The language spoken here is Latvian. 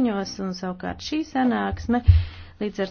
septiņos, un savukārt šī sanāksme līdz ar